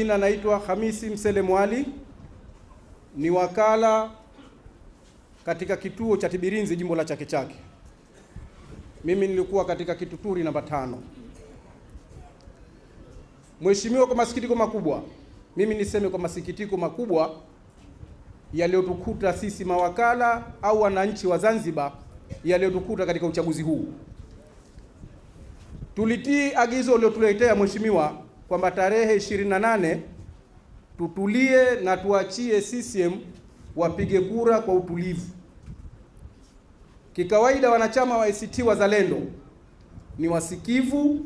jina naitwa Hamisi Msele Mwali, ni wakala katika kituo cha Tibirinzi jimbo la Chake Chake. Mimi nilikuwa katika kituturi namba tano. Mheshimiwa, kwa masikitiko makubwa, mimi niseme kwa masikitiko makubwa yaliyotukuta sisi mawakala au wananchi wa Zanzibar, yaliyotukuta katika uchaguzi huu, tulitii agizo uliotuletea Mheshimiwa kwamba tarehe 28 tutulie na tuachie CCM wapige kura kwa utulivu. Kikawaida wanachama wa ACT Wazalendo ni wasikivu,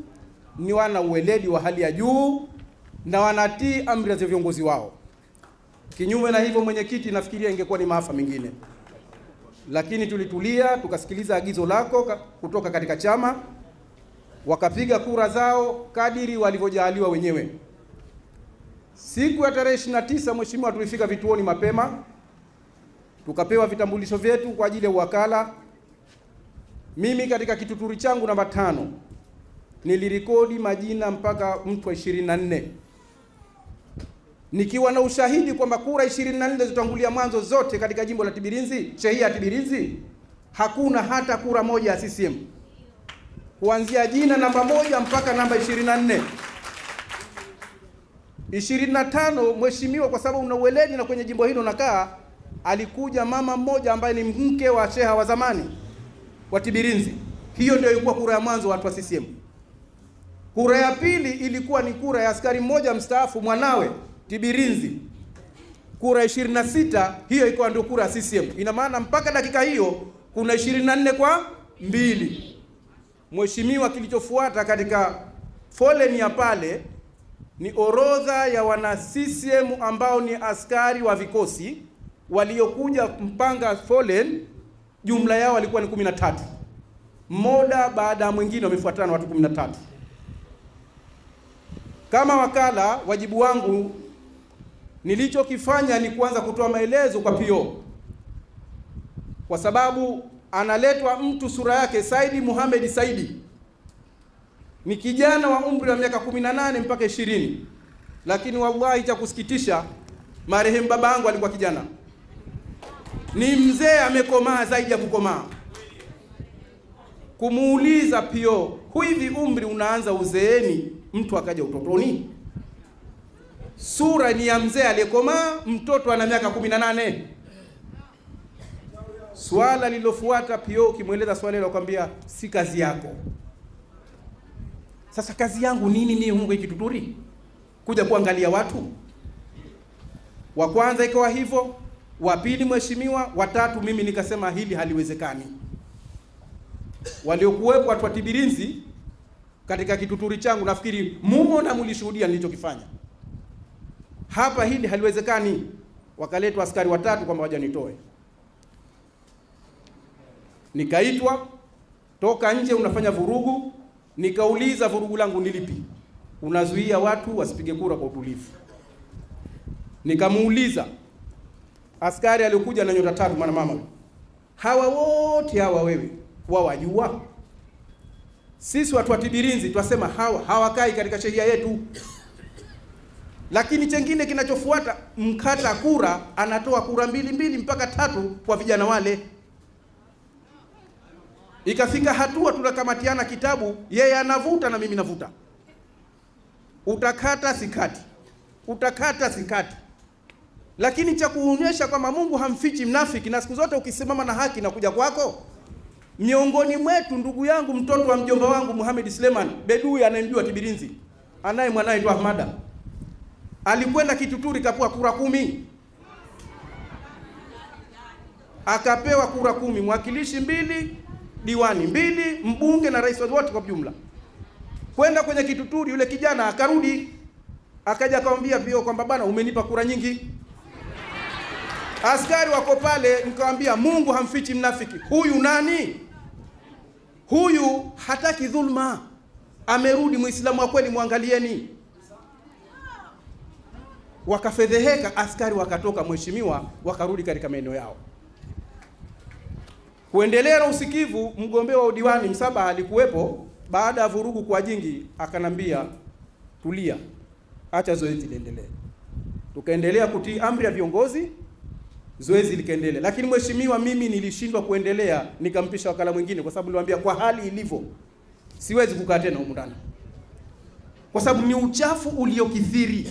ni wana uweledi wa hali ya juu na wanatii amri za viongozi wao. Kinyume na hivyo, mwenyekiti, nafikiria ingekuwa ni maafa mengine, lakini tulitulia tukasikiliza agizo lako kutoka katika chama wakapiga kura zao kadiri walivyojaaliwa wenyewe. Siku ya tarehe 29, mheshimiwa, tulifika vituoni mapema tukapewa vitambulisho vyetu kwa ajili ya uwakala. Mimi katika kituturi changu namba tano nilirekodi majina mpaka mtu wa 24 nikiwa na ushahidi kwamba kura 24 zitangulia mwanzo zote katika jimbo la Tibirinzi, shehia ya tibirinzi hakuna hata kura moja ya CCM kuanzia jina namba moja mpaka namba 24. 25, mheshimiwa, kwa sababu una uweledi na kwenye jimbo hili unakaa, alikuja mama mmoja ambaye ni mke wa sheha wa zamani wa Tibirinzi. Hiyo ndio ilikuwa kura ya mwanzo watu wa CCM. Kura ya pili ilikuwa ni kura ya askari mmoja mstaafu mwanawe Tibirinzi, kura 26. Hiyo ilikuwa ndio kura ya CCM. Ina maana mpaka dakika hiyo kuna 24 kwa mbili. Mheshimiwa, kilichofuata katika foleni ya pale ni orodha ya wana CCM ambao ni askari wa vikosi waliokuja mpanga foleni, jumla yao walikuwa ni 13, mmoja baada ya mwingine wamefuatana watu 13. Kama wakala, wajibu wangu nilichokifanya ni kuanza kutoa maelezo kwa PO kwa sababu analetwa mtu sura yake Saidi Muhamedi Saidi, ni kijana wa umri wa miaka 18 mpaka 20, lakini wallahi, cha kusikitisha, marehemu baba yangu alikuwa kijana, ni mzee amekomaa zaidi ya kukomaa. Kumuuliza pio, hivi umri unaanza uzeeni, mtu akaja utotoni? Sura ni ya mzee aliyekomaa, mtoto ana miaka 18. Swala lililofuata pio, ukimweleza swala ile akwambia si kazi yako. Sasa kazi yangu nini mimi huko hiki tuturi kuja kuangalia watu? Wa kwanza ikawa hivyo, wa pili mheshimiwa, watatu mimi nikasema hili haliwezekani. Waliokuwepo watu wa Tibirinzi katika kituturi changu, nafikiri mumo na mlishuhudia nilichokifanya hapa, hili haliwezekani. Wakaletwa askari watatu kwamba wajanitoe. Nikaitwa toka nje, unafanya vurugu. Nikauliza vurugu langu ni lipi? Unazuia watu wasipige kura kwa utulivu. Nikamuuliza askari aliyokuja na nyota tatu, mwana mama, hawa wote hawa wewe wawajua? Sisi watu wa Tibirinzi twasema hawa hawakai katika sheria yetu. Lakini chengine kinachofuata, mkata kura anatoa kura mbili mbili mpaka tatu kwa vijana wale. Ikafika hatua tunakamatiana kitabu, yeye anavuta na mimi navuta, utakata sikati, utakata sikati, lakini cha kuonyesha kwamba Mungu hamfichi mnafiki, na siku zote ukisimama na haki nakuja kwako. Miongoni mwetu ndugu yangu, mtoto wa mjomba wangu Muhammad Sleman Bedui, anayemjua Tibirinzi, anaye mwanaye ndo Ahmada, alikwenda Kituturi kapua kura kumi akapewa kura kumi, mwakilishi mbili diwani mbili, mbunge na rais wote kwa jumla, kwenda kwenye kituturi. Yule kijana akarudi akaja akamwambia vio kwamba bana, umenipa kura nyingi, askari wako pale. Nikamwambia Mungu hamfichi mnafiki. Huyu nani? Huyu hataki dhulma, amerudi Muislamu wa kweli, mwangalieni. Wakafedheheka, askari wakatoka, mheshimiwa, wakarudi katika maeneo yao. Kuendelea na usikivu, mgombea wa udiwani Msaba alikuwepo. Baada ya vurugu kwa jingi, akanambia tulia, acha zoezi liendelee. Tukaendelea kutii amri ya viongozi, zoezi likaendelea. Lakini mheshimiwa, mimi nilishindwa kuendelea, nikampisha wakala mwingine, kwa sababu niliwaambia kwa hali ilivyo siwezi kukaa tena humu ndani, kwa sababu ni uchafu uliokithiri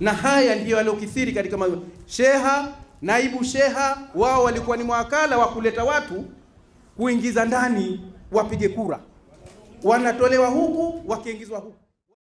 na haya ndiyo yaliokithiri katika ma... sheha naibu sheha wao walikuwa ni mawakala wa kuleta watu kuingiza ndani wapige kura, wanatolewa huku wakiingizwa huku.